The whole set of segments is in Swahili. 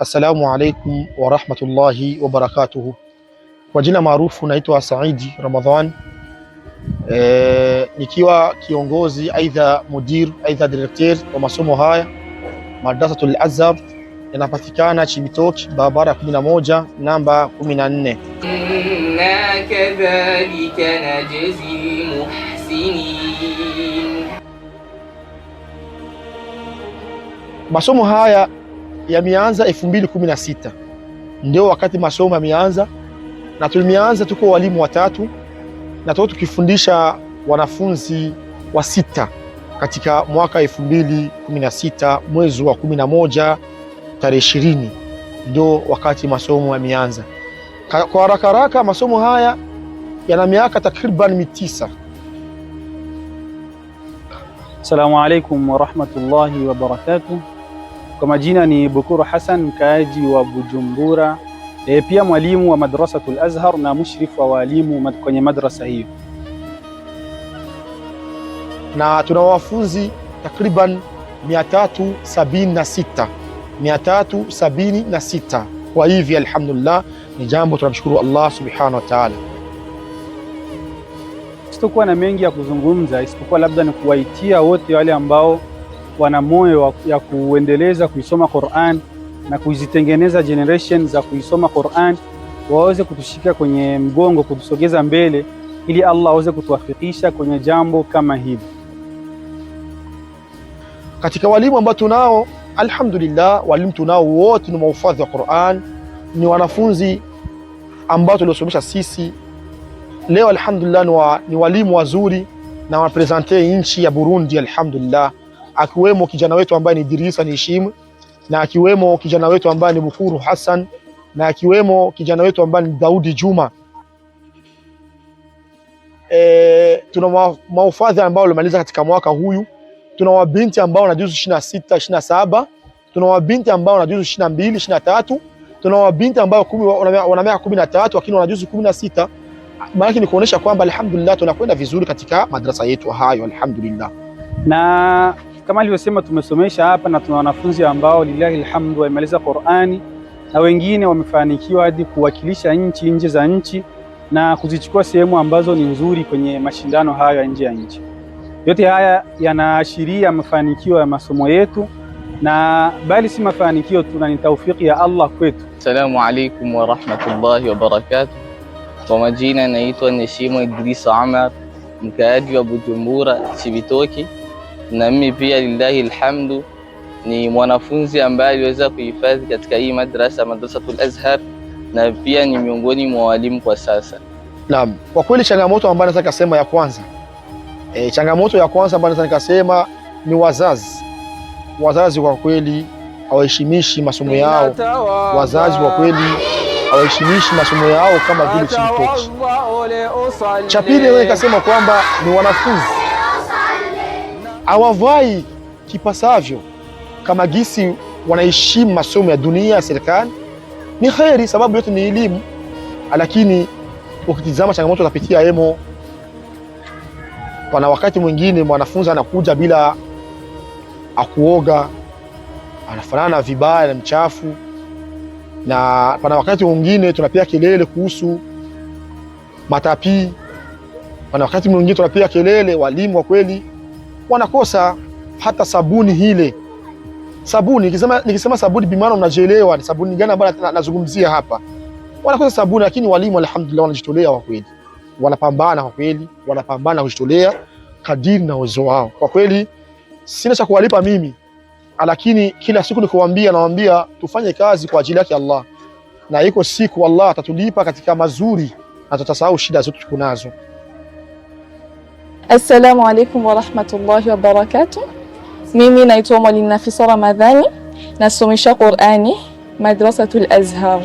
Assalamu alaikum wa wabarakatuhu. Kwa jina maarufu naitwa Saidi Ramadhan e, nikiwa kiongozi aidha mudir aidha director wa masomo haya Madrasatul Azhar yanapatikana Chibitoki, barabara 11 namba 14. Inna kadhalika najzi muhsinin. Masomo haya yameanza elfu mbili kumi na sita ndio wakati masomo yameanza, na tulimeanza tuko walimu watatu na tuko tukifundisha wanafunzi wa sita katika mwaka elfu mbili kumi na sita mwezi wa kumi na moja tarehe ishirini ndio wakati masomo yameanza. Kwa haraka haraka masomo haya yana miaka takriban mitisa. Assalamu alaikum warahmatullahi wabarakatuh. Kwa majina ni Bukuru Hassan, mkaaji wa Bujumbura, e, pia mwalimu wa Madrasatul Azhar na mushrifu wa walimu kwenye madrasa hiyo, na tuna wafunzi takriban 376 376 kwa hivi, alhamdulillah ni jambo tunamshukuru Allah subhanahu wa ta'ala. Sitokuwa na mengi ya kuzungumza isipokuwa labda ni kuwaitia wote wale ambao wana moyo ya kuendeleza kuisoma Qur'an na kuzitengeneza generation za kuisoma Qur'an, waweze kutushika kwenye mgongo, kutusogeza mbele, ili Allah aweze kutuwafikisha kwenye jambo kama hili. Katika walimu ambao tunao, alhamdulillah, walimu tunao wote ni maufadhi wa Qur'an, ni wanafunzi ambao tuliosomesha sisi. Leo alhamdulillah ni walimu wazuri na wanapresente nchi ya Burundi, alhamdulillah akiwemo kijana wetu ambaye ni Dirisa ni shimu na akiwemo kijana wetu ambaye ni Bukuru Hassan na akiwemo kijana wetu ambaye ni Daudi Juma. E, tuna maufadhi ambao walimaliza katika mwaka huyu. Tuna wabinti ambao na juzu ishirini saba tuna wabinti ambao na juzu ishirini na tatu tuna wabinti ambao wana miaka kumi na lakini wana juzu kumi na sita ni kuonesha kwamba alhamdulillah tunakwenda vizuri katika madrasa yetu hayo, alhamdulillah na kama alivyosema tumesomesha hapa na tuna wanafunzi ambao lillahi alhamdu wamemaliza Qur'ani na wengine wamefanikiwa hadi kuwakilisha nchi nje za nchi na kuzichukua sehemu ambazo ni nzuri kwenye mashindano hayo ya nje ya nchi. Yote haya yanaashiria mafanikio ya masomo yetu na bali si mafanikio tu, na ni taufiki ya Allah kwetu. Assalamu alaykum wa rahmatullahi wa barakatuh. Kwa majina naitwa Neshima Idrisa Amar, mkaaji wa Bujumbura Chibitoki na mimi pia lillahi alhamdu ni mwanafunzi ambaye aliweza kuhifadhi katika hii madrasa Madrasatul Azhar, na pia ni miongoni mwa walimu kwa sasa. Naam, kwa kweli changamoto ambayo nataka nikasema ya kwanza e, changamoto ya kwanza ambayo nataka nikasema ni wazazi. Wazazi kwa kweli hawaheshimishi masomo yao, wazazi kwa kweli hawaheshimishi masomo yao kama vile. Cha pili nikasema kwamba ni wanafunzi hawavai kipasavyo kama gisi wanaheshimu masomo ya dunia ya serikali, ni kheri, sababu yote ni elimu. Lakini ukitizama changamoto utapitia emo, pana wakati mwingine mwanafunzi anakuja bila akuoga, anafanana vibaya na mchafu, na pana wakati mwingine tunapiga kelele kuhusu matapi, pana wakati mwingine tunapiga kelele walimu wa kweli wanakosa hata sabuni hile sabuni. Nikisema, nikisema sabuni bimaana mnajielewa ni sabuni gani ambayo nazungumzia hapa. Wanakosa sabuni, lakini walimu alhamdulillah wanajitolea kwa kweli, wanapambana kwa kweli, wanapambana kujitolea kadiri na uwezo wao. Kwa kweli sina cha kuwalipa mimi, lakini kila siku nikuambia, nawaambia tufanye kazi kwa ajili yake Allah, na iko siku Allah atatulipa katika mazuri na tutasahau shida zote tukunazo. Assalamu alaikum warahmatullahi wabarakatuh. Mimi naitwa Mwalimu Nafisa Ramadhani, nasomesha Qurani Madrasatul Azhar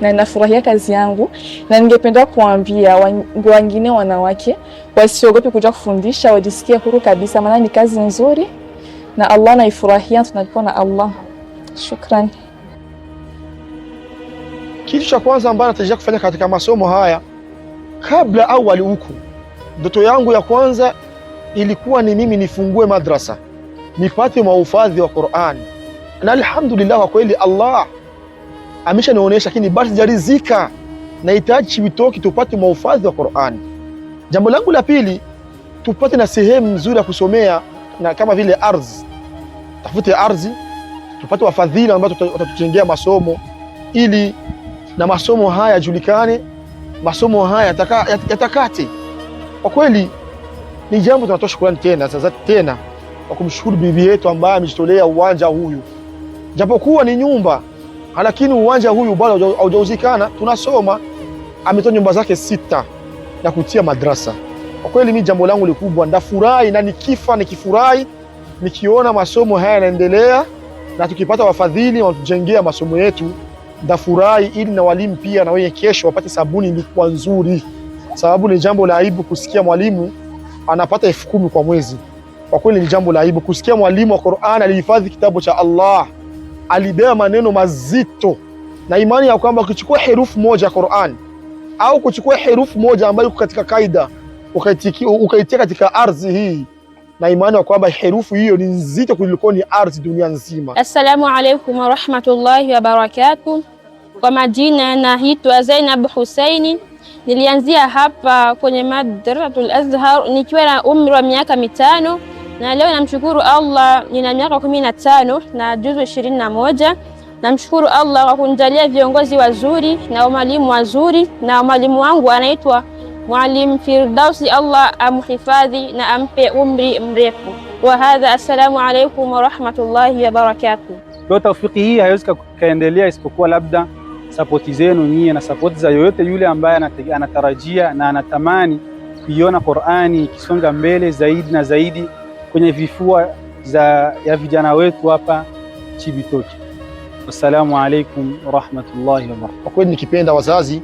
na nafurahia kazi yangu, na ningependa kuambia wengine wanawake wasiogope kuja kufundisha, wajisikie huru kabisa, maana ni kazi nzuri na Allah naifurahia, tunalipo na Allah. Shukran. Kitu cha kwanza ambacho natarajia kufanya katika masomo haya kabla awali huku Ndoto yangu ya kwanza ilikuwa ni mimi nifungue madrasa nipate maufadhi wa Qur'an, na alhamdulillah, kwa kweli Allah ameshanionyesha, lakini basi jarizika Nahitaji vitoki tupate maufadhi wa Qur'an. Jambo langu la pili, tupate na sehemu nzuri ya kusomea na kama vile ardhi, tafute ardhi tupate wafadhili ambao watatutengea masomo ili na masomo haya yajulikane, masomo haya yatakate yataka kwa kweli ni jambo tunatoa shukrani tena sasa tena kwa kumshukuru bibi yetu ambaye amejitolea uwanja huyu, japokuwa ni nyumba lakini uwanja huyu bado haujauzikana, tunasoma. Ametoa nyumba zake sita na kutia madrasa. Kwa kweli mimi jambo langu likubwa, ndafurahi na nikifa nikifurahi nikiona masomo haya yanaendelea, na tukipata wafadhili wanatujengea masomo yetu ndafurahi, ili na walimu pia na wenye kesho wapate sabuni ilikuwa nzuri sababu ni jambo la aibu kusikia mwalimu anapata elfu kumi kwa mwezi. Kwa kweli ni jambo la aibu kusikia mwalimu wa Qur'an alihifadhi kitabu cha Allah, alibeba maneno mazito na imani ya kwamba ukichukua herufu moja ya Qur'an au kuchukua herufu moja ambayo iko katika kaida ukaitia katika ardhi hii na imani ya kwamba herufu hiyo ni nzito kuliko ni ardhi dunia nzima. Assalamu alaykum wa rahmatullahi wa barakatuh. Kwa majina naitwa Zainab Husaini Nilianzia hapa kwenye Madrasatul Azhar nikiwa na umri wa miaka mitano na leo namshukuru Allah nina miaka kumi na tano na juzu ishirini na moja. Namshukuru Allah kwa kunijalia viongozi wazuri na walimu wazuri, na mwalimu wangu anaitwa Mwalimu Firdausi, Allah amhifadhi na ampe umri mrefu wa hadha. Assalamu alaikum warahmatullahi wabarakatuh. Kwa taufiki hii haiwezi kaendelea isipokuwa labda sapoti zenu nyie na sapoti za yoyote yule ambaye anatarajia na anatamani kuiona Qur'ani ikisonga mbele zaidi na zaidi kwenye vifua za ya vijana wetu hapa Chibitoke. Wassalamu alaikum warahmatullahi wabarakatuh. Kwa kweli nikipenda wazazi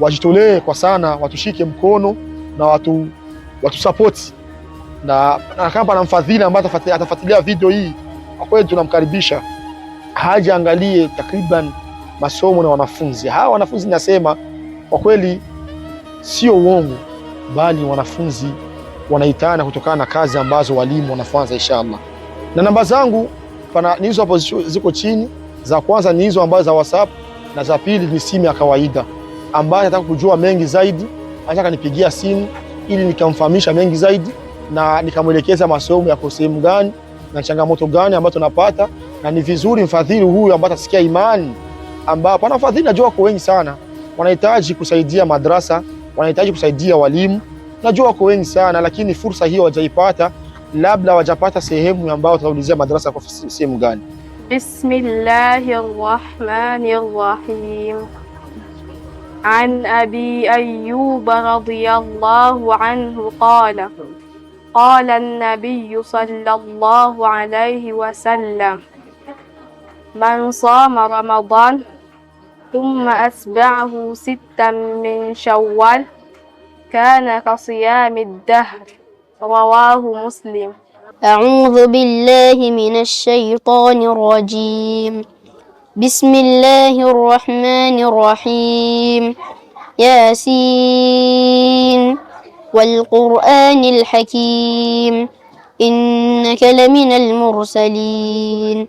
wajitolee kwa sana, watushike mkono na watu watusapoti na, na kama na mfadhili ambaye atafuatilia video hii, kwa kweli tunamkaribisha haja angalie takriban masomo na wanafunzi. Hawa wanafunzi nasema kwa kweli sio uongo, bali wanafunzi wanaitana kutokana na kazi ambazo walimu wanafanya inshallah. Na namba zangu pana ni hizo hapo ziko chini, za kwanza ni hizo ambazo za WhatsApp na za pili ni simu ya kawaida. Ambaye anataka kujua mengi zaidi anataka nipigia simu ili nikamfahamisha mengi zaidi na nikamwelekeza masomo yako sehemu gani na changamoto gani ambazo tunapata, na ni vizuri mfadhili huyu ambaye atasikia imani ambapo wanafadhili, najua wako wengi sana, wanahitaji kusaidia madrasa, wanahitaji kusaidia walimu, najua wako wengi sana, lakini fursa hiyo wajaipata labda wajapata sehemu ambayo wataulizia madrasa kwa sehemu gani. Bismillahirrahmanirrahim. An Abi Ayyuba radiyallahu anhu qala qala an nabiy sallallahu alayhi wa sallam من صام رمضان ثم أتبعه ستا من شوال كان كصيام الدهر رواه مسلم أعوذ بالله من الشيطان الرجيم بسم الله الرحمن الرحيم ياسين والقرآن الحكيم إنك لمن المرسلين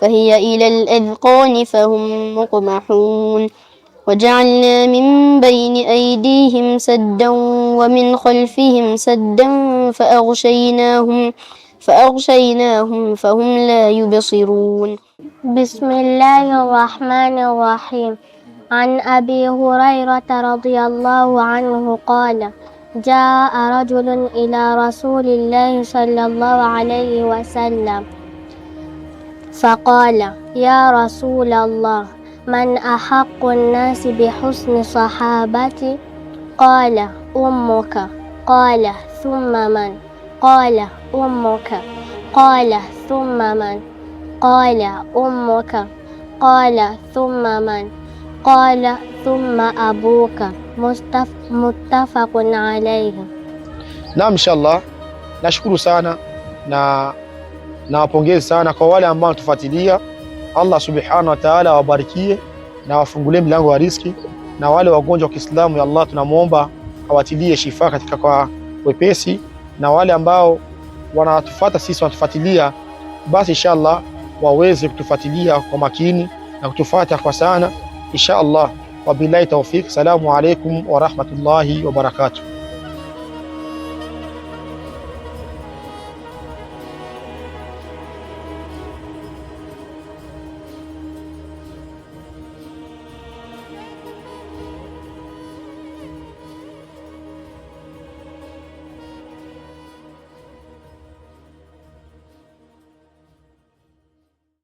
فهي إلى الأذقان فهم مقمحون وجعلنا من بين أيديهم سدا ومن خلفهم سدا فأغشيناهم فأغشيناهم فهم لا يبصرون بسم الله الرحمن الرحيم عن أبي هريرة رضي الله عنه قال جاء رجل إلى رسول الله صلى الله عليه وسلم فقال يا رسول الله من أحق الناس بحسن صحابتي قال أمك قال ثم من قال أمك قال ثم من قال أمك قال ثم من قال ثم أبوك متفق عليه نعم إن شاء الله نشكر سانا na na wapongeze sana kwa wale ambao wanatufuatilia. Allah subhanahu wa ta'ala awabarikie na wafungulie milango ya riziki, na wale wagonjwa wa Kiislamu ya Allah tunamwomba awatilie shifa katika kwa wepesi, na wale ambao wanatufuata sisi wanatufuatilia, basi inshallah waweze kutufuatilia kwa makini na kutufuata kwa sana inshallah. Wabillahi tawfik. Salamu alaykum wa rahmatullahi wa barakatuh.